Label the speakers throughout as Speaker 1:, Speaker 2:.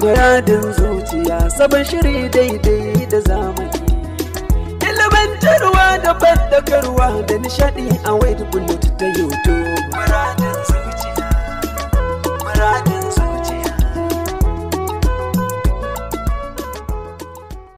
Speaker 1: Muradin zuciya sabon shiri daidai da zamani. Ilimantarwa da bandakarwa da nishadi a wayar bullet ta yoto. Muradin zuciya, muradin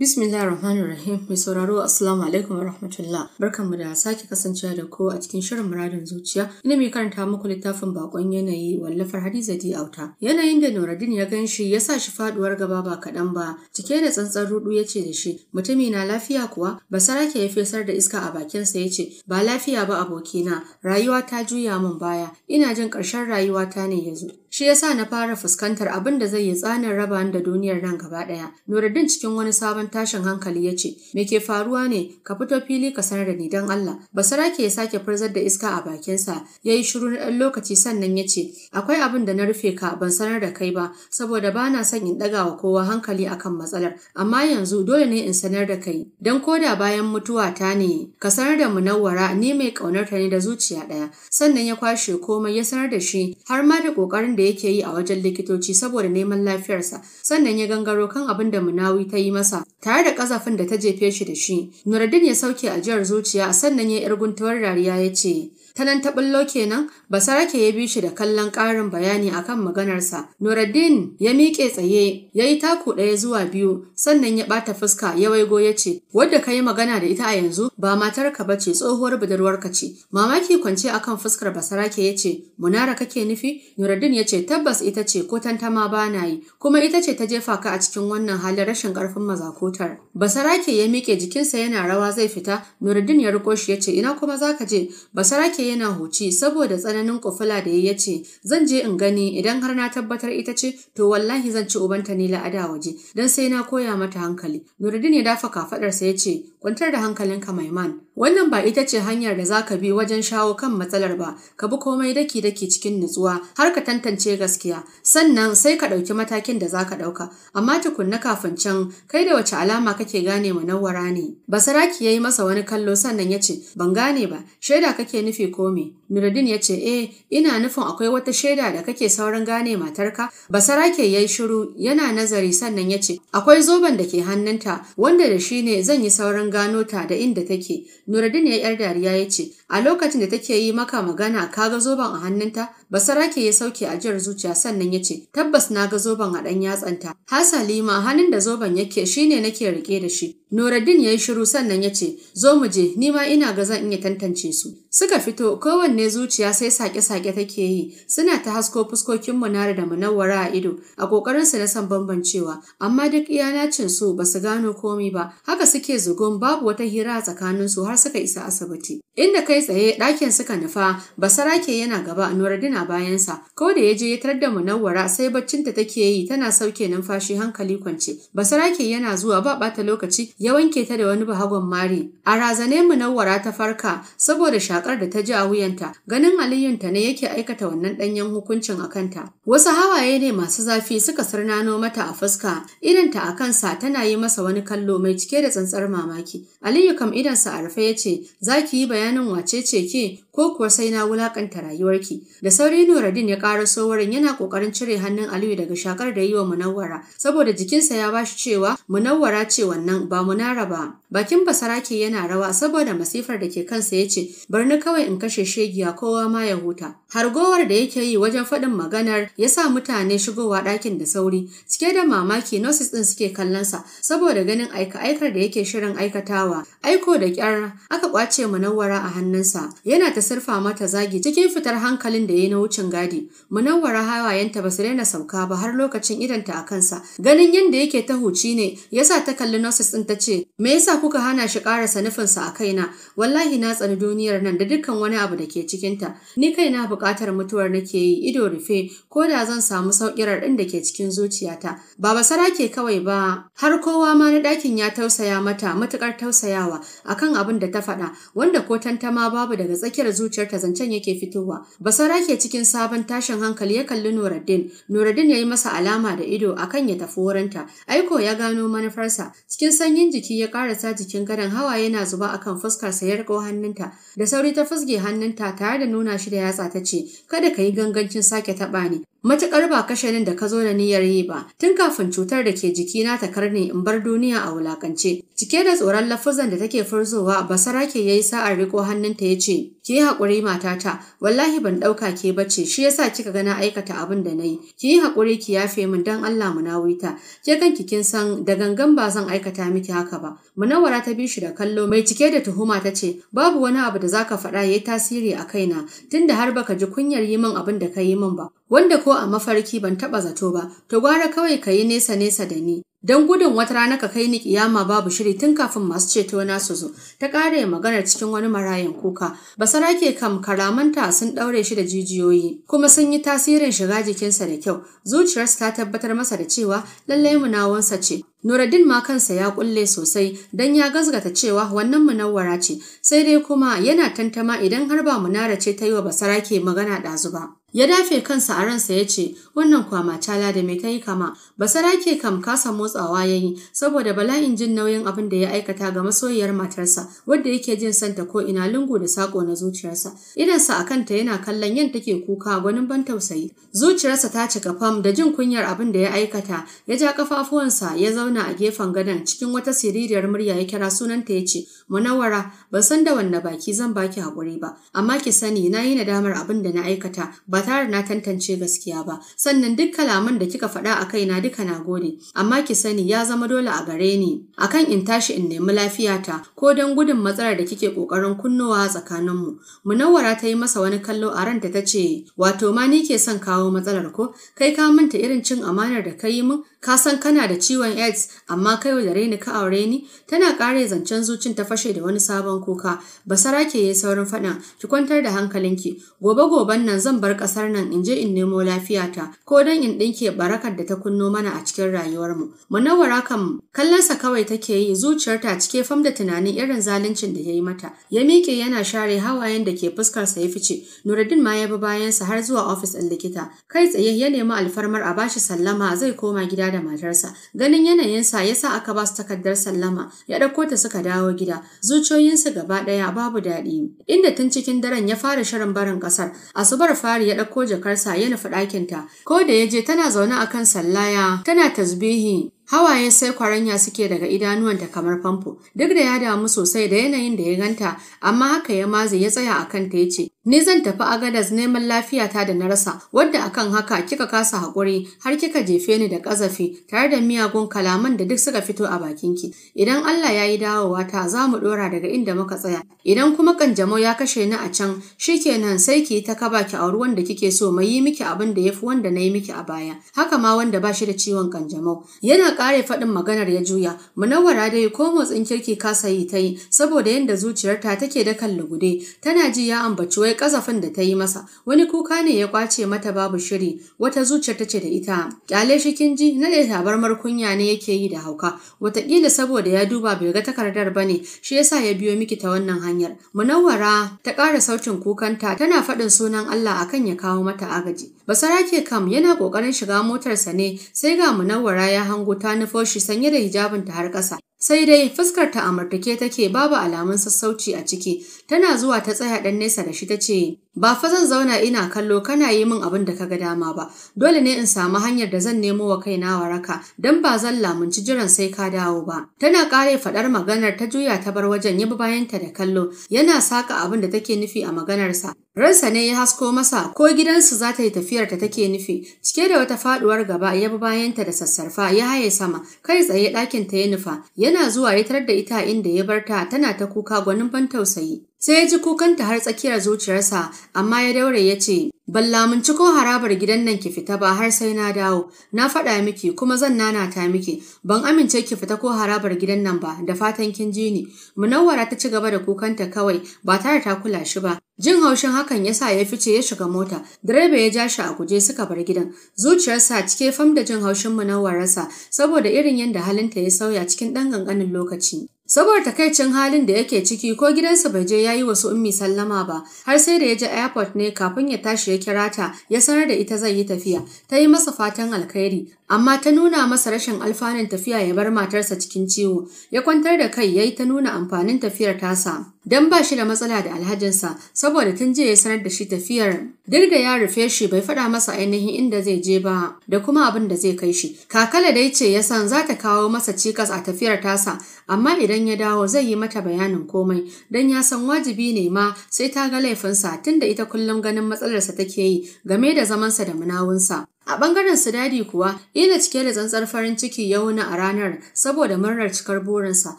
Speaker 1: Bismillah ar-Rahman rahim mai sauraro Assalamu alaikum wa rahmatullah. Barkanmu da sake kasancewa da ko a cikin shirin muradin zuciya. Ina mai karanta muku littafin bakon yanayi wallafar Hadiza D. Auta. Yanayin da Nuruddin ya gan shi ya sa shi faduwar gaba ba kaɗan ba. Cike da tsantsar rudu ya ce da shi, mutumi na lafiya kuwa? Ba sarake ya fesar da iska a bakinsa ya ce, ba lafiya ba abokina, rayuwa ta juya min baya, ina jin ƙarshen rayuwata ne ya zo. Shi ya sa na fara fuskantar abin da zai yi tsanin raba da duniyar nan gaba ɗaya. Nuruddin cikin wani sabon tashin hankali ya ce, Me ke faruwa ne, ka fito fili ka sanar da ni don Allah. Basarake ya sake furzar da iska a bakinsa, ya yi shiru na ɗan lokaci sannan ya ce, Akwai abin da na rufe ka ban sanar da kai ba, saboda ba na son in ɗaga wa kowa hankali akan matsalar. Amma yanzu dole ne in sanar da kai, don koda bayan mutuwa ta ne, ka sanar da munawwara ni mai ƙaunar ta ne da zuciya ɗaya. Sannan ya kwashe komai ya sanar da shi, har ma da ƙoƙarin da yake yi a wajen likitoci saboda neman lafiyarsa sannan ya gangaro kan abin da munawi ta yi masa tare da kazafin da ta jefe shi da shi nuruddin ya sauke ajiyar zuciya sannan ya irguntuwar rariya ya ce ta nan ta ɓullo kenan basarake ya bi shi da kallon ƙarin bayani akan maganarsa nuruddin ya miƙe tsaye ya yi taku ɗaya zuwa biyu sannan ya ɓata fuska ya waigo ya ce wadda ka yi magana da ita a yanzu ba matarka ba ce tsohuwar budurwar ka ce mamaki kwance akan fuskar basarake ya ce munara kake nufi nuruddin ya ce tabbas ita ce ko tantama ba na yi kuma ita ce ta jefa ka a cikin wannan halin rashin ƙarfin mazakotar basarake ya miƙe jikinsa yana rawa zai fita nuruddin ya riko shi ya ce ina kuma zaka je basarake yana huci saboda tsananin kufula da ya ce zan je in gani idan har na tabbatar ita ce to wallahi zan ci ubanta ne la'ada waje don sai na koya mata hankali Nuruddin ya dafa kafadarsa ya ce kwantar da hankalinka man. wannan ba ita ce hanyar da zaka bi wajen shawo kan matsalar ba ka bi komai daki daki cikin nutsuwa har ka tantance gaskiya sannan sai ka ɗauki matakin da zaka ɗauka amma tukunna kafin can kai da wace alama kake gane munawwara ne basaraki yi masa wani kallo sannan ya ce ban gane ba shaida kake nufi komi. Nuruddin ya ce, "Eh, ina nufin akwai wata shaida da kake saurin gane matarka?" Basarake ya yi shiru yana nazari sannan ya ce, "Akwai zoben da ke hannunta wanda da shi ne zan yi saurin gano ta da inda take." Nuruddin ya yar dariya ya ce, "A lokacin da take yi maka magana kaga zoben a hannunta?" Basarake ya sauke a jiyar zuciya sannan ya ce, Tabbas na ga zoben a ɗan yatsanta. Ha Salima, hannun da zoben yake shine nake riƙe da shi. Noradin ya yi shiru sannan ya ce, Zo mu je, ni ma ina ga zan iya tantance su. Suka fito, kowanne zuciya sai sake-sake take yi, suna ta hasko fuskokin munara da munawwara a ido, a su na san bambancewa, amma duk iyanacin su ba su gano komi ba, haka suke zugun babu wata hira a su har suka isa asibiti. Inda kai tsaye ɗakin suka nufa, basarake yana gaba, Nuruddin yana bayansa. Ko da ya je ya tarar da munawwara sai baccinta take yi tana sauke numfashi hankali kwance. Basarake yana zuwa ba bata lokaci ya wanke ta da wani bahagon mari. A razane munawwara ta farka saboda shakar da ta ji a wuyanta. Ganin aliyunta ne yake aikata wannan ɗanyen hukuncin a kanta. Wasu hawaye ne masu zafi suka sirnano mata a fuska. Idanta a kansa tana yi masa wani kallo mai cike da tsantsar mamaki. Aliyu kam idansa a rufe ya ce, Za ki yi bayanin wace ce ke ko kuwa sai na wulakanta rayuwarki. Da sauri Nuruddin ya ƙara saurin yana kokarin cire hannun Aliyu daga shakar da yi wa Munawwara saboda jikinsa ya bashi cewa Munawwara ce wannan ba Munara ba. Bakin Basarake yana rawa saboda masifar da ke kansa ya ce birni kawai in kashe shegiya kowa ma ya huta. Hargowar da yake yi wajen faɗin maganar ya sa mutane shigowa ɗakin da sauri cike da mamaki nurses ɗin suke kallon sa saboda ganin aika-aikar da yake shirin aikatawa. Aiko da ƙyar aka ƙwace Munawwara a hannunsa yana ta sirfa mata zagi cikin fitar hankalin da ya yi ya wucin gadi. Munawwara hawayenta ba su daina sauka ba har lokacin idanta a kansa. Ganin yadda yake ta huci ne, yasa ta kalli nurses ɗin ta ce, "Me yasa kuka hana shi ƙarasa nufinsa a kaina? Wallahi na tsani duniyar nan da dukkan wani abu da ke cikinta. Ni kaina buƙatar mutuwar nake yi ido rufe, ko da zan samu sauƙirar ɗin da ke cikin zuciyata. Ba sara ke kawai ba, har kowa ma na ɗakin ya tausaya mata matuƙar tausayawa akan abin da ta faɗa, wanda ko tantama babu daga tsakiyar zuciyarta zancen yake fitowa. Basara ke cikin sabon tashin hankali ya kalli Nuruddin. Nuruddin ya yi masa alama da ido akan ya tafi wurinta. Aiko ya gano manufarsa. Cikin sanyin jiki ya karasa jikin gadon hawa yana zuba akan fuskar sa ya riko hannunta. Da sauri ta fusge hannunta tare da nuna shi da yatsa ta ce, "Kada ka yi gangancin sake taɓa ni." Matuƙar ba kashe nan da ka zo da niyyar yi ba, tun kafin cutar da ke jikina ta karni in bar duniya a wulakance. Cike da tsoron lafuzan da take furzowa, basara ke yayi sa'ar riko hannunta ya ce, Ki yi haƙuri matata, wallahi ban ɗauka ke ba ce. shi yasa kika gana aikata abin da nayi yi. Ki yi haƙuri ki yafe min dan Allah mu munawita. Ke kanki kin san da gangan ba zan aikata miki haka ba. Munawara ta bi shi da kallo mai cike da tuhuma ta ce, Babu wani abu da zaka faɗa ya yi tasiri a kaina, tunda har baka ji kunyar yi min abin da ka yi min ba. wanda ko a mafarki ban taɓa zato ba, to gwara kawai ka yi nesa-nesa da ni, don gudun wata rana ka kai ni kiyama babu shiri tun kafin masu ceto na su zo ta kare maganar cikin wani marayan kuka basarake kam karamanta sun daure shi da jijiyoyi kuma sun yi tasirin shiga jikinsa da kyau zuciyarsa ta tabbatar masa da cewa lallai munawansa ce Nuruddin ma kansa ya kulle sosai don ya gazgata cewa wannan munawwara ce sai dai kuma yana tantama idan har ba munara ce ta yi wa basarake magana ɗazu ba. Ya dafe kansa a ransa ya ce wannan kwama cala da me ta yi kama basarake kam ka samu motsawa ya yi saboda bala'in jin nauyin abin da ya aikata ga masoyiyar matarsa wadda yake jin santa ko ina lungu da sako na zuciyarsa idansa a kanta yana kallon yan take kuka gwanin ban tausayi zuciyarsa ta cika fam da jin kunyar abin da ya aikata ya ja kafafuwansa ya zauna a gefen gadon cikin wata siririyar murya ya kira sunanta ya ce munawara ban san da wanne baki zan baki haƙuri ba amma ki sani na yi nadamar abin da na aikata ba tare na tantance gaskiya ba sannan duk kalaman da kika faɗa a kaina duka na gode amma ki sani ya zama dole a gare ni akan in tashi in nemi lafiyata ko don gudun matsalar da kike kokarin kunnowa tsakaninmu munawwara ta yi masa wani kallo a ranta ta ce wato ma ni ke son kawo matsalar ko kai ka manta irin cin amanar da ka yi min ka san kana da ciwon aids amma kai da raini ka aure ni tana kare zancen zucin ta fashe da wani sabon kuka basara ke yi saurin faɗa ki kwantar da hankalinki gobe goben nan zan bar ƙasar nan in je in nemo lafiyata ko don in ɗinke barakar da ta kunno mana a cikin rayuwarmu Munawara kan kallonsa kawai take yi zuciyarta cike fam da tunanin irin zaluncin da ya yi mata. Ya miƙe yana share hawayen da ke fuskarsa ya fice. Nuruddin ma ya bi bayansa har zuwa ofis ɗin likita. Kai tsaye ya nemi alfarmar a bashi sallama zai koma gida da matarsa. Ganin yanayinsa ya sa aka basu takardar sallama. Ya ɗauko ta suka dawo gida. Zuciyoyinsu gaba ɗaya babu daɗi. Inda tun cikin daren ya fara shirin barin ƙasar. Asubar fari ya ɗauko jakarsa ya nufi ɗakinta. Ko da ya je tana zaune akan sallaya tana tasbihi Hawaye sai kwaranya suke daga idanuwanta kamar famfo, duk da ya damu sosai da yanayin da ya ganta, amma haka ya maze ya tsaya a kanta ya ce, Ni zan tafi Agadas neman lafiyata da na rasa, wadda akan haka kika kasa haƙuri har kika jefe ni da ƙazafi tare da miyagun kalaman da duk suka fito a bakinki. Idan Allah ya yi dawowa ta za mu ɗora daga inda muka tsaya. Idan kuma ƙanjamau ya kashe ni a can, shi kenan sai ki ta kaba ki auri wanda kike so mai yi miki abin da ya fi wanda na yi miki a baya. Haka ma wanda ba shi da ciwon ƙanjamau. Yana ƙare faɗin maganar ya juya. Munawwara dai ko motsin kirki kasa yi ta yi saboda yadda zuciyarta take da kan lugude. Tana ji ya ambaci wai ƙazafin da ta yi masa wani kuka ne ya kwace mata babu shiri wata zuciya ta ce da ita kyale shi kin ji na da tabarmar kunya ne yake yi da hauka wataƙila saboda ya duba bai ga takardar ba ne shi yasa ya biyo miki ta wannan hanyar munawwara ta ƙara sautin kukanta tana faɗin sunan Allah akan ya kawo mata agaji basarake kam yana ƙoƙarin shiga motarsa ne sai ga munawwara ya hango ta nufo shi sanye da hijabin ta har ƙasa sai dai fuskar ta amurtake take babu alamun sassauci a ciki Tana zuwa ta tsaya ɗan nesa da shi ta ce, Ba fa zan zauna ina kallo kana yi min abin da ka ga dama ba, dole ne in samu hanyar da zan nemo wa kaina waraka, don ba zan lamunci jiran sai ka dawo ba. Tana ƙare faɗar maganar ta juya ta bar wajen ya bi bayanta da kallo, yana saka abin da take nufi a maganarsa. Ransa ne ya hasko masa ko gidansu za ta yi tafiyar ta take nufi, cike da wata faɗuwar gaba ya bi bayanta da sassarfa ya haye sama, kai tsaye ɗakin ta ya nufa, yana zuwa ya tarar da ita inda ya bar ta tana ta kuka gwanin ban tausayi. Sai ya ji kukanta har tsakiyar zuciyarsa, amma ya daure ya ce, Ban lamunci ko harabar gidan nan ki fita ba har sai na dawo, na faɗa miki kuma zan nanata miki, ban amince ki fita ko harabar gidan nan ba, da fatan kin ji ni. Munawwara ta ci gaba da kukanta kawai ba tare ta kula shi ba. Jin haushin hakan ya sa ya fice ya shiga mota, direba ya ja shi a guje suka bar gidan. Zuciyarsa cike fam da jin haushin munawwararsa saboda irin yadda halinta ya sauya cikin ɗan ƙanƙanin lokaci. Saboda takaicin halin da yake ciki ko gidansa bai je ya yi wasu ummi sallama ba, har sai da ya je airport ne kafin ya tashi ya kira ta ya sanar da ita zai yi tafiya, ta yi masa fatan alkhairi, amma ta nuna masa rashin alfanun tafiya ya bar matarsa cikin ciwo, ya kwantar da kai ya yi ta nuna amfanin tafiyar tasa. dan ba shi da matsala da alhajinsa, saboda tun jiya ya sanar da shi tafiyar. Duk da ya rufe shi bai faɗa masa ainihin inda zai je ba da kuma abin da zai kai shi. Kakala dai ce ya san za ta kawo masa cikas a tafiyar tasa, amma idan idan ya dawo zai yi mata bayanin komai don ya san wajibi ne ma sai ta ga laifinsa tunda ita kullum ganin matsalarsa take yi game da zamansa da munawunsa. A ɓangaren su dadi kuwa yana cike da tsantsar farin ciki ya wuni a ranar saboda murnar cikar burinsa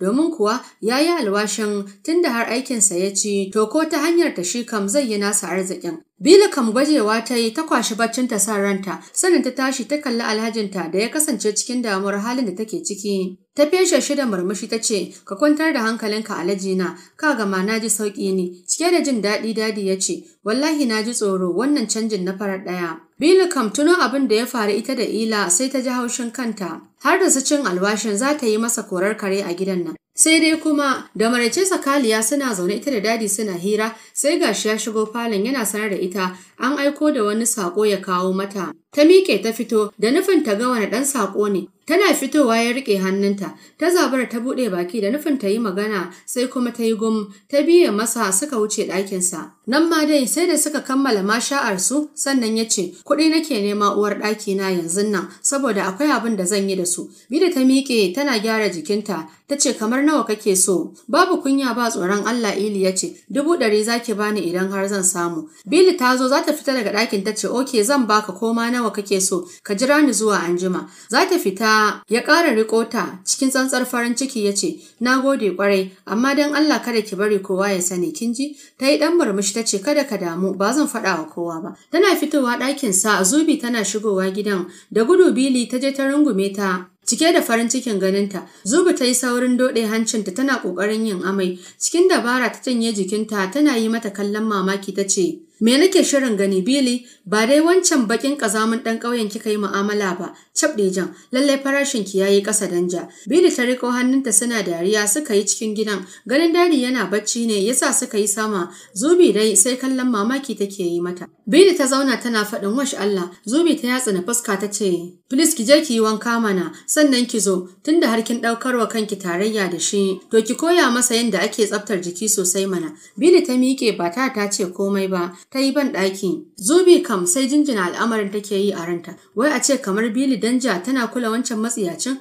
Speaker 1: domin kuwa ya yi alwashin tunda har aikinsa ya ci to ko ta hanyar ta shi kam zai yi nasa arzikin. Bila kam gwajewa ta yi ta kwashi baccin ta sa ranta, sanin ta tashi ta kalli alhajinta da ya kasance cikin damuwar halin da take ciki. Ta feshe shi da murmushi ta ce, Ka kwantar da hankalinka alhajina, ka gama na ji sauƙi ne. Cike da jin daɗi dadi ya ce, Wallahi na ji tsoro wannan canjin na farar ɗaya. Billy kam tunan abin da ya faru ita da Ila sai ta ji haushin kanta, har da su cin albashin za ta yi masa korar kare a gidan nan. Sai dai kuma da maraice sakaliya suna zaune ita da dadi suna hira sai gashi ya shigo falon yana sanar da ita an aiko da wani sako ya kawo mata. Ta miƙe ta fito da nufin ta ga wani ɗan sako ne. Tana fitowa ya riƙe hannunta, ta zabara ta buɗe baki da nufin ta yi magana sai kuma ta yi gum, ta biye masa suka wuce ɗakinsa. Nan ma dai sai da suka kammala masha'arsu sannan ya ce, kuɗi nake nema uwar ɗakina yanzu nan saboda akwai abin da zan yi da su. Bida ta miƙe tana gyara jikinta, ta ce kamar nawa kake so. Babu kunya ba tsoron Allah Ili ya ce, dubu ɗari zaki ki bani idan har zan samu. Billy ta zo za ta fita daga ɗakin ta ce oke zan baka koma nawa kake so ka jira ni zuwa anjima. Za ta fita ya ƙara rikota ta cikin tsantsar farin ciki ya ce na gode ƙwarai amma don Allah kada ki bari kowa ya sani kin ji. Ta yi ɗan murmushi ta ce kada ka damu ba zan faɗa wa kowa ba. Tana fitowa ɗakin sa Zubi tana shigowa gidan da gudu Billy ta je ta rungume ta Cike da farin cikin ganinta, Zuba ta yi saurin doɗe hancinta tana ƙoƙarin yin amai. Cikin dabara ta janye jikinta tana yi mata kallon mamaki ta ce, Me nake shirin gani Bili, ba dai wancan bakin kazamin ɗan ƙauyen kika yi mu'amala ba, dejan lallai farashin ki yayi ƙasa danja. Bili ta riko hannunta suna dariya suka yi cikin gidan, ganin dadi yana bacci ne yasa suka yi sama, Zubi dai sai kallon mamaki take yi mata. Bili ta zauna tana faɗin wash Allah, Zubi ta yatsa na fuska ta ce, Please ki je ki yi wanka mana, sannan ki zo, tunda har kin ɗaukar wa kanki tarayya da shi, to ki koya masa yadda ake tsaftar jiki sosai mana. Bili ta miƙe ba ta ta ce komai ba, ta yi ban ɗaki. Zubi kam sai jinjina al'amarin take yi a ranta, wai a ce kamar bili Danja tana kula wancan matsiyacin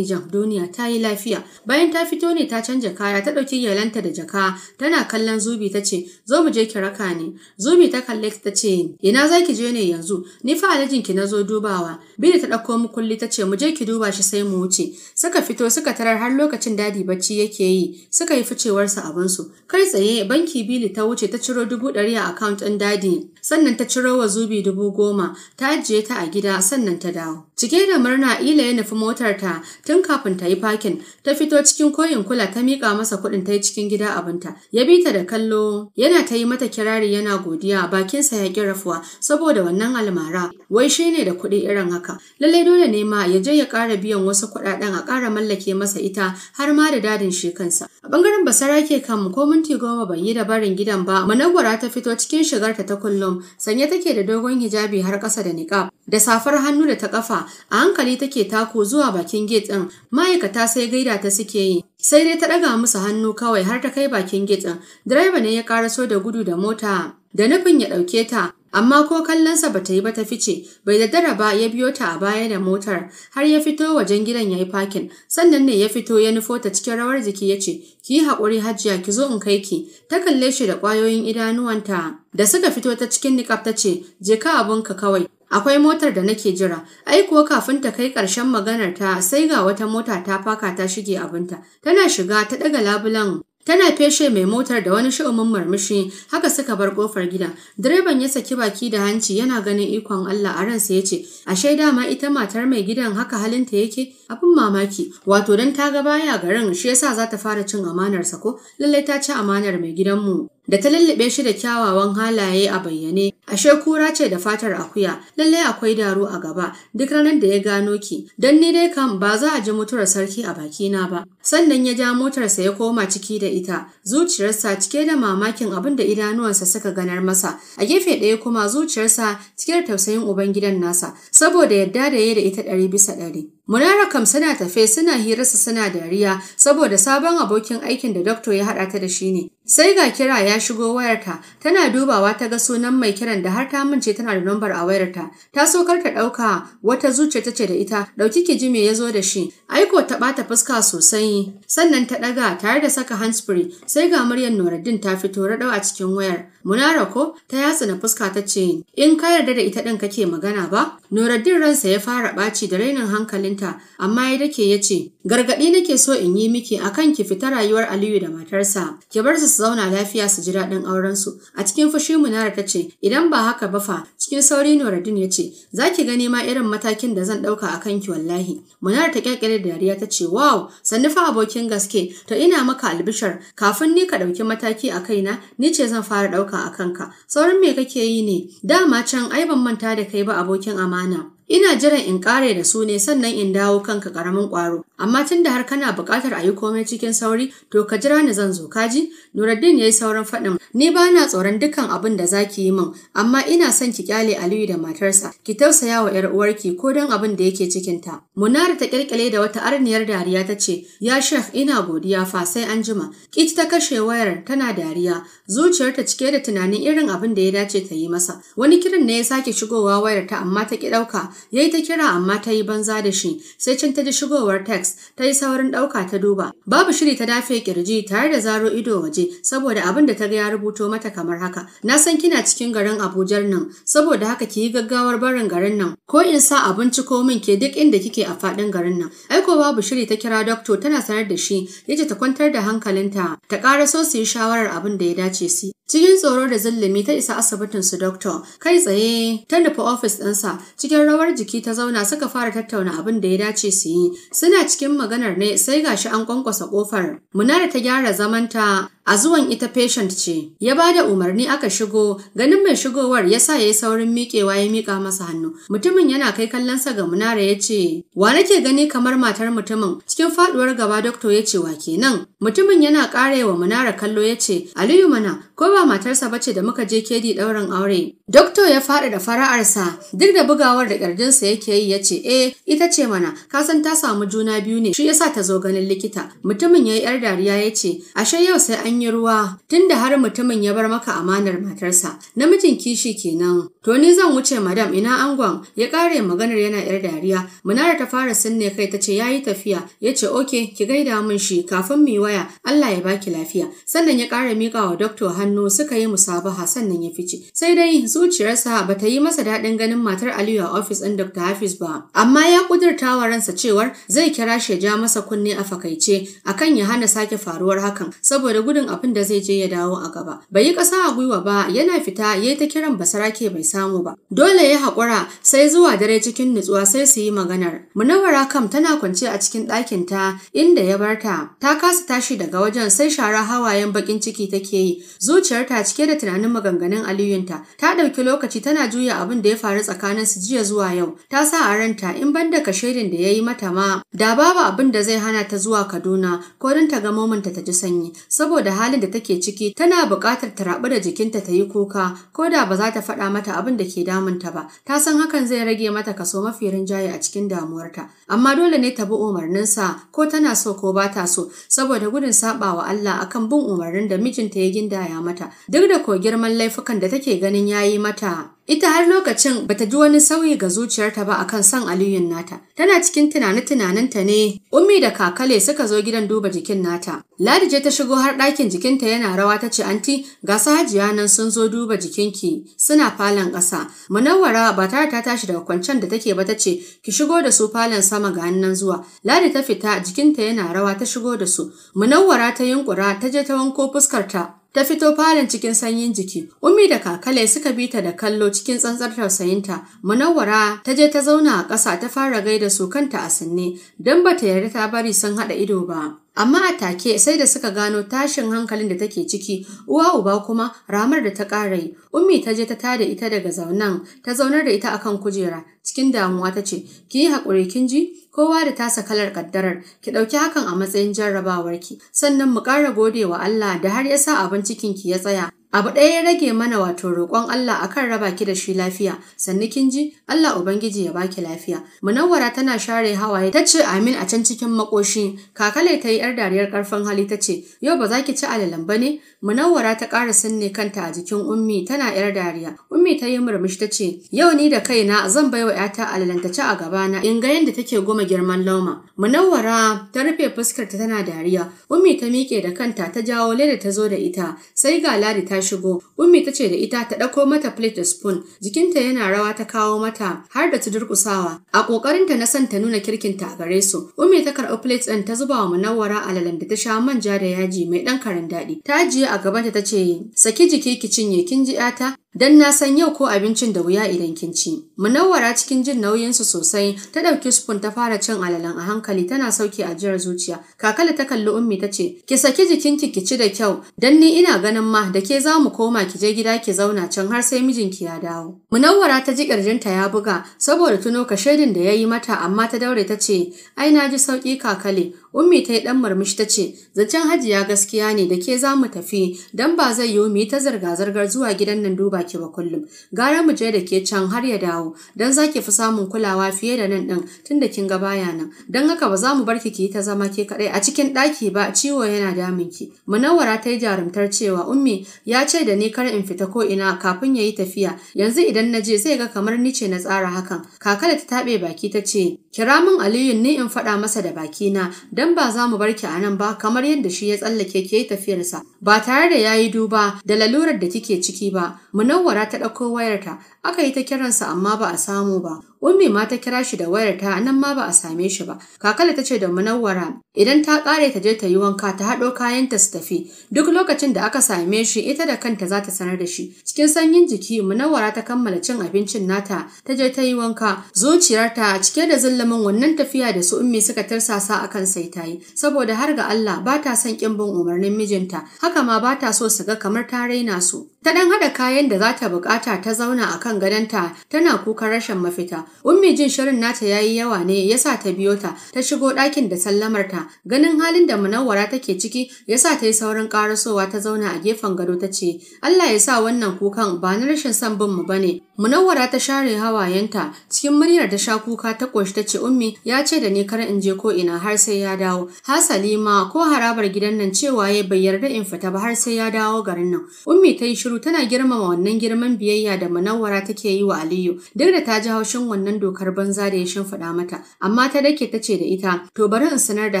Speaker 1: jam duniya ta yi lafiya bayan ta fito ne ta canja kaya ta ɗauki yalanta da jaka tana kallon zubi ta ce zo mu je ki raka ni zubi ta kalle ta ce ina za ki je ne yanzu ni fa alajin ki na zo dubawa bidi ta ɗauko mu kulli ta ce mu je ki duba shi sai mu wuce suka fito suka tarar har lokacin dadi bacci yake yi suka yi ficewarsa abinsu kai tsaye banki bili ta wuce ta ciro dubu ɗari a akaunt ɗin dadi sannan ta ciro wa zubi dubu goma ta ajiye ta a gida sannan ta dawo. Cike da murna ila ya nufi motar ta tun kafin ta yi fakin ta fito cikin koyin kula ta miƙa masa kuɗin ta yi cikin gida abinta ya bi ta da kallo yana ta yi mata kirari yana godiya bakinsa ya ƙi rafuwa saboda wannan almara wai shi ne da kuɗi irin haka. Lallai dole ne ma ya je ya ƙara biyan wasu kuɗaɗen a ƙara mallake masa ita har ma da dadin shi kansa. A ɓangaren basara ke kan ko minti goma bai yi da barin gidan ba manawara ta fito cikin shigarta ta kullum kullum sanye take da dogon hijabi har ƙasa da niƙab. da safar hannu da ta ƙafa a hankali take tako zuwa bakin gate ɗin ma'aikata sai gaida ta suke yi sai dai ta ɗaga musu hannu kawai har ta kai bakin gate ɗin direba ne ya ƙaraso da gudu da mota da nufin ya ɗauke ta amma ko kallonsa ba ta yi ba ta fice bai da dara ba ya biyo ta a baya da motar har ya fito wajen gidan ya yi fakin sannan ne ya fito ya nufo ta cikin rawar jiki ya ce ki yi haƙuri hajiya ki zo in kai ki ta kalle shi da ƙwayoyin idanuwanta da suka fito ta cikin niƙaf ta ce je ka kawai akwai motar da nake jira ai kuwa kafin ta kai ƙarshen maganar ta sai ga wata mota ta faka ta shige abinta tana shiga ta ɗaga labulan Tana feshe mai motar da wani sha'umin marmishi haka suka bar kofar gida. Direban ya saki baki da hanci yana ganin ikon Allah a ransa ya ce, shaida ma ita matar mai gidan haka halinta yake? Abin mamaki, wato don ta ga baya garin shi yasa za ta fara cin amanar sa ko? Lallai ta ci amanar mai gidanmu. da ta lallabe shi da kyawawan halaye a bayyane ashe kura ce da fatar akuya lallai akwai daru a gaba duk ranar da ya gano ki don ni dai kam ba za a ji mutuwar sarki a baki na ba sannan ya ja motarsa ya koma ciki da ita zuciyarsa cike da mamakin abin da idanuwansa suka ganar masa a gefe ɗaya kuma zuciyarsa cike da tausayin ubangidan nasa saboda yadda da ya da ita ɗari bisa ɗari Munara kam suna tafe suna hirarsa suna dariya saboda sabon abokin aikin da doktor ya haɗa ta da shi ne. Sai ga kira ya shigo wayarta, tana dubawa ta ga sunan mai kiran da har ta mince tana da lambar a wayarta. Ta so kar ta ɗauka wata zuciya ta ce da ita, ɗauki ki ji me ya zo da shi. Aiko ta ɓata fuska sosai, sannan ta ɗaga tare da saka handsfree sai ga muryar Nuruddin ta fito raɗau a cikin wayar. Munara ko ta yatsa na fuska ta ce, in ka yarda da ita ɗin kake magana ba? Nuruddin ransa ya fara ɓaci da rainin hankalinta, amma ya dake ya ce, Gargaɗi nake so in yi miki akan ki fita rayuwar Aliyu da matarsa, ki bar su su zauna lafiya su ji daɗin aurensu. A cikin fushi Munara ta ce, Idan ba haka ba fa, cikin sauri Nuruddin ya ce, Za ki gani ma irin matakin da zan ɗauka a kanki wallahi. Munara ta ƙirƙire da dariya ta ce, Wow, sannu fa abokin gaske, to ina maka albishar, kafin ni ka ɗauki mataki a kaina, ni ce zan fara ɗauka a kanka. saurin me kake yi ne? Dama can ai ban manta da kai ba abokin amana. amana. Ina jiran in ƙare da su ne sannan in dawo kanka karamin ƙwaro. Amma tun da har kana buƙatar a yi komai cikin sauri, to ka jira ni zan zo kaji? Nuruddin ya yi sauran faɗin. Ni ba na tsoron dukkan abin da za ki yi min, amma ina son ki kyale Aliyu da matarsa, ki tausaya wa ‘yar uwarki ko don abin da yake cikinta. Munara ta ƙirƙire da wata arniyar dariya ta ce, Ya Sheikh ina godiya fa sai an jima. Kit ta kashe wayar tana dariya, zuciyarta cike da tunanin irin abin da ya dace ta yi masa wani kiran ne ya sake shigowa wayar ta amma ta ki dauka yayi ta kira amma ta yi banza da shi sai can ta ji shigowar text ta yi saurin dauka ta duba babu shiri ta dafe kirji tare da zaro ido waje saboda abin da ta ga ya rubuto mata kamar haka na san kina cikin garin Abuja nan saboda haka ki yi gaggawar barin garin nan ko in sa abinci ko min ke duk inda kike a fadin garin nan aiko babu shiri ta kira doctor tana sanar da shi yace ta kwantar da hankalinta ta ƙara so su yi shawarar abin da ya dace ici Cikin tsoro da zillimi ta isa asibitin su doktor, kai tsaye ta nufi ofis ɗinsa cikin rawar jiki ta zauna suka fara tattauna abin da ya dace su yi. Suna cikin maganar ne sai gashi an kwankwasa ƙofar. Munara ta gyara zamanta a zuwan ita patient ce. Ya ba da umarni aka shigo, ganin mai shigowar ya sa ya yi saurin miƙewa ya miƙa masa hannu. Mutumin yana kai kallon sa ga Munara ya ce, Wa nake gani kamar matar mutumin? Cikin faɗuwar gaba doctor ya ce wa kenan. Mutumin yana ƙarewa Munara kallo ya ce, Aliyu mana ko ba matarsa bace da muka je kedi ɗaurin aure. Dokto ya faɗi da fara'arsa duk da bugawar da ƙirjinsa yake yi ya ce eh ita ce mana ka san ta samu juna biyu ne shi yasa ta zo ganin likita. Mutumin ya yi ƴar dariya ya ce ashe yau sai an yi ruwa tunda har mutumin ya bar maka amanar matarsa namijin kishi kenan. To ni zan wuce madam ina angon ya ƙare maganar yana ƴar dariya munara ta fara sinne kai ta ce ya yi tafiya ya ce oke ki gaida min shi kafin mu waya Allah ya baki lafiya sannan ya ƙara miƙa wa doktor hannu hannu suka yi musabaha sannan ya fice. Sai dai zuciyarsa ba ta yi masa daɗin ganin matar Aliyu a ofis ɗin Dr. Hafiz ba, amma ya ƙudurta wa ransa cewar zai kira shi ya ja masa kunne a fakaice akan ya hana sake faruwar hakan saboda gudun abin da zai je ya dawo a gaba. Bai yi ƙasa a gwiwa ba yana fita ya yi ta kiran basarake bai samu ba. Dole ya haƙura sai zuwa dare cikin nutsuwa sai su yi maganar. Munawara kam tana kwance a cikin ɗakin ta inda ya barta ta kasa tashi daga wajen sai shara hawayen bakin ciki take yi. Zuciyarta cike da tunanin maganganun Aliyunta, ta ɗauki lokaci tana juya abin da ya faru tsakanin su jiya zuwa yau. Ta sa a ranta in ban da shirin da ya yi mata ma, da babu abin da zai hana ta zuwa Kaduna ko don ta ga momenta ta ji sanyi, saboda halin da take ciki tana buƙatar ta rabu da jikinta ta yi kuka ko da ba za ta faɗa mata abin da ke damunta ba. Ta san hakan zai rage mata kaso mafi rinjaye a cikin damuwarta, amma dole ne ta bi umarninsa ko tana so ko ba ta so, saboda gudun wa Allah akan bin umarnin da mijinta ya gindaya mata duk da ko girman laifukan da take ganin yayi mata ita har lokacin bata ji wani sauyi ga zuciyarta ba akan san Aliyun nata tana cikin tunanin tunaninta ne ummi da kakale suka zo gidan duba jikin nata Ladi je ta shigo har ɗakin jikinta yana rawa ta ce anti ga su hajiya nan sun zo duba jikinki suna falon ƙasa munawwara ba tare ta tashi daga kwancen da take ba ta ce ki shigo da su falon sama ga hannun zuwa Ladi ta fita jikinta yana rawa ta shigo da su munawwara ta yunkura ta je ta wanko fuskarta ta fito falon cikin sanyin jiki. Ummi da kakale suka bi ta da kallo cikin tsantsar tausayinta. Munawwara ta je ta zauna a ƙasa ta fara gaida su kanta a sanne don ba ta yarda ta bari sun haɗa ido ba. amma a take sai da suka gano tashin hankalin da take ciki uwa uba kuma ramar da ta ƙara yi ummi ta je ta tada ita daga zaunan ta zaunar da ita akan kujera cikin damuwa ta ce ki yi haƙuri kin ji kowa da tasa kalar ƙaddarar ki ɗauki hakan a matsayin jarrabawar ki sannan mu ƙara gode wa Allah da har ya sa abin cikinki ya tsaya Abu ɗaya ya rage mana wato roƙon Allah akan raba ki da shi lafiya, sannu kin ji Allah Ubangiji ya baki lafiya. Munawwara tana share hawaye ta ce amin a can cikin makoshi, kakale ta yi ‘yar dariyar ƙarfin hali ta ce, yau ba za ki ci alalan ba ne? Munawwara ta ƙara sinne kanta a jikin Ummi tana ‘yar dariya. Ummi ta yi murmushi ta ce, yau ni da kaina zan bai wa ‘yata alalan ta ci a gabana in ga yadda take goma girman lauma. Munawwara ta rufe fuskarta tana dariya, Ummi ta miƙe da kanta ta jawo leda ta zo da ita, sai ga Ladi ta shigo. Ummi ta ce da ita ta ɗauko mata plate da spoon. Jikinta yana rawa ta kawo mata har da ta durƙusawa. A ƙoƙarinta na son ta nuna kirkinta a gare su. Ummi ta karɓi plate ɗin ta zuba wa Munawwara alalan da ta sha manja da yaji mai ɗan karin daɗi. Ta ajiye a gabanta ta ce, "Saki jiki ki cinye kin ji 'yata, Dan na san yau ko abincin da wuya idan kin ci. Munawwara cikin jin nauyin su sosai ta ɗauki spoon ta fara cin alalan a hankali tana sauke ajiyar zuciya. Kakali ta kalli ummi ta ce, "Ki saki jikinki ki ci da kyau, dan ni ina ganin ma da ke za mu koma ki je gida ki zauna can har sai mijinki ya dawo." Munawwara ta ji ƙirjinta ya buga saboda tuno ka shaidin da ya yi mata amma ta daure ta ce, "Ai na ji sauki kakale." Ummi ta yi ɗan murmushi ta ce, zancen hajiya gaskiya ne da ke za mu tafi don ba zai yiwu mu ta zirga-zirgar zuwa gidan nan duba ki ba kullum. Gara mu je da ke can har ya dawo don za ki fi samun kulawa fiye da nan ɗin tun da kin ga baya nan. Don haka ba za mu bar ki ki yi ta zama ke kaɗai a cikin ɗaki ba ciwo yana damun ki. Munawwara ta yi jarumtar cewa Ummi ya ce da ni kar in fita ko ina kafin ya yi tafiya. Yanzu idan na je zai ga kamar ni ce na tsara hakan. Kakala ta taɓe baki ta ce, kira min Aliyu ni in faɗa masa da bakina don ba za mu bar ki a nan ba kamar yadda shi ya tsallake ke yi tafiyarsa ba tare da ya yi duba da lalurar da kike ciki ba munawwara ta ɗauko wayarta aka yi ta kiransa amma ba a samu ba ummi ma ta kira shi da wayarta nan ma ba a same shi ba kakala ta ce da munawwara idan ta ƙare ta je ta yi wanka ta haɗo kayanta su tafi duk lokacin da aka same shi ita da kanta za ta sanar da shi cikin sanyin jiki munawwara ta kammala cin abincin nata ta je ta yi wanka zuciyarta cike da zullumin wannan tafiya da su ummi suka tarsasa akan sai ta yi saboda har ga Allah ba ta son kin bin umarnin mijinta haka ma ba ta so su ga kamar ta raina su ta ɗan haɗa kayan da za ta bukata ta zauna a akan gadonta tana kukan rashin mafita ummi jin shirin nata yayi yawa ne yasa ta biyo ta ta shigo ɗakin da sallamar ta ganin halin da munawwara take ciki yasa ta yi saurin karasowa ta zauna a gefen gado ta ce Allah ya sa wannan kukan ba na rashin son bin mu bane munawwara ta share hawayenta cikin muryar ta sha kuka ta koshi ta ce ummi ya ce da ni kar in je ko ina har sai ya dawo. Hasali ma ko harabar gidan nan cewa ya bai yarda in fita ba har sai ya dawo garin nan. Ummi ta yi shiru tana girmama wannan girman biyayya da Munawwara take yi wa Aliyu. Duk da ta ji haushin wannan dokar banza da ya shimfiɗa mata, amma ta dake ta ce da ita, to bari in sanar da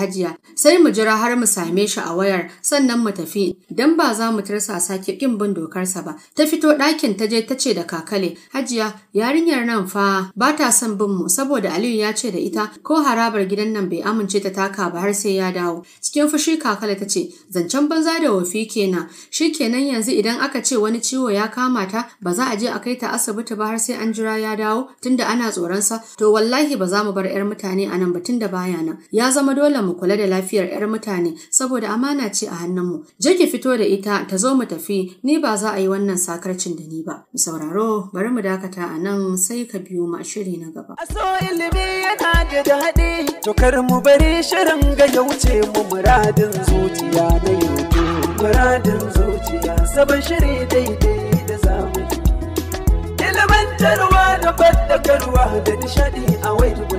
Speaker 1: Hajiya, sai mu jira har mu same shi a wayar, sannan mu tafi, dan ba za mu tarsa sake kin bin dokarsa ba. Ta fito ɗakin ta je ta ce da kakale, Hajiya, yarinyar nan fa ba ta son bin mu saboda Aliyu ya ce da ita ko harabar gidan nan bai amince ta taka ka ba har sai ya dawo. Cikin fushi kakala ta ce, zancen banza da wafi kenan, shi kenan yanzu idan aka ce wani ciwo ya kama ta ba za a je a kai ta asibiti ba har sai an jira ya dawo tunda ana tsoron sa, to wallahi ba za mu bar 'yar mutane a nan ba tunda baya nan. Ya zama dole mu kula da lafiyar 'yar mutane saboda amana ce a hannunmu. Je ki fito da ita ta zo mu tafi, ni ba za a yi wannan sakarcin da ni ba. Mu sauraro bari mu dakata a nan sai ka biyo mu a shiri na gaba. A so ilimi yana da daɗi, to kar mu bari shirin dan ga ya wuce mu muradin zuciya na yau muradin zuciya sabon shiri daidai da zamani ilimantarwa da fadakarwa da nishadi a wai